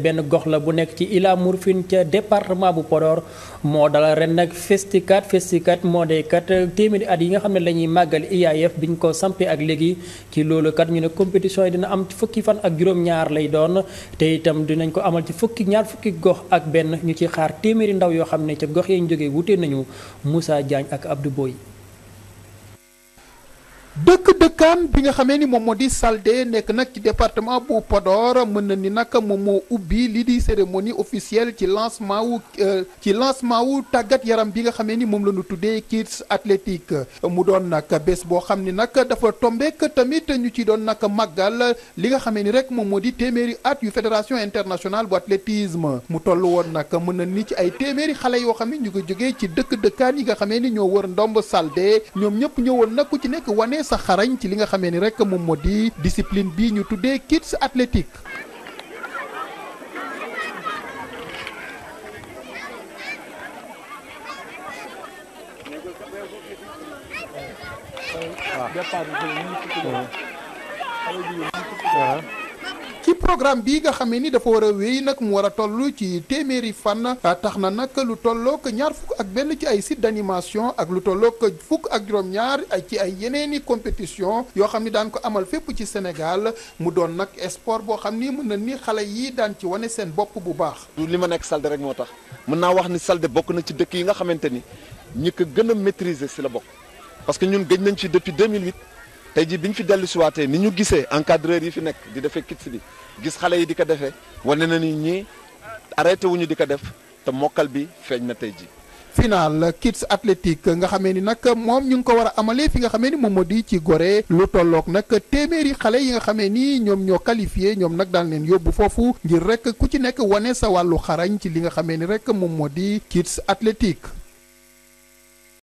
benn gox la bu nekk ci Ila Mourfine ca département bu Podor moo dalal ren nag festikat festikat moo dee kat téeméeri at yi nga xam ne la ñuy màggal IAAF biñ ko sampee ak léegi ci loolu ñu ne compétition yi dina am ci fukki fan ak juróom-ñaar lay doon te itam dinañ ko amal ci fukki ñaar fukki gox ak benn ñu ci xaar téeméeri ndaw yoo xam ne ca gox yi ñu jógee wute nañu Moussa Diagne ak Abdou Boye dëkk-dëkkaan bi nga xamee ni moom moo di salde nekk nag ci département bu Podor mën na ni nag moom moo ubbi lii di cérémonie officielle ci lancement wu euh, ci lancement wu tàggat yaram bi nga xamee ni moom la ñu tuddee Kids Athlétique mu doon nag bés boo xam ni nag dafa tombek tamit ñu ci doon nag màggal li nga xamee ni rek moom moo di téeméeri at yu fédération internationale bu athlétisme mu toll woon nag mën na ni ci ay téeméeri xale yoo xam ne ñu ko jógee ci dëkk-dëkkaan yi nga xamee ni ñoo wër ndomb Saldé ñoom ñëpp ñëwoon nag ku ci nekk wane wane sa xarañ ci li nga xamee ni rek moom moo di discipline bi ñu tuddee kids athlétique waaw ah. ah. ci programme bi nga xamee ni dafa war a wéy nag mu war a toll ci téeméeri fan tax na nag lu tollook ñaar fukk ak benn ci ay site d'animation ak lu tollook fukk ak juróom-ñaar ci ay yeneeni compétition yoo xam ni daan ko amal fépp ci Sénégal mu doon nag sport boo xam ni mën na ni xale yi daan ci wane seen bopp bu baax. li ma nekk salde rek moo tax mën naa wax ni salde bokk na ci dëkk yi nga xamante ni ñi ko gën a si la bokk parce que ñun gëj nañ ci depuis 2008. tey jii bi ñu fi dellu siwaatee ni ñu gisee encadreur yi fi nekk di defee kits bi gis xale yi di ko defee wane na ni ñii arrêté wuñu di ko def te mokkal bi feeñ na tey jii. final kids athlétique nga xamee ni nag moom ñu ngi ko war a amalee fi nga xamee ni moom moo di ci gore lu tolloog nag téeméeri xale yi nga xamee ni ñoom ñoo qualifié ñoom nag daan leen yóbbu foofu ngir rek ku ci nekk wane sa wàllu xarañ ci li nga xamee ni rek moom moo di kids athlétique.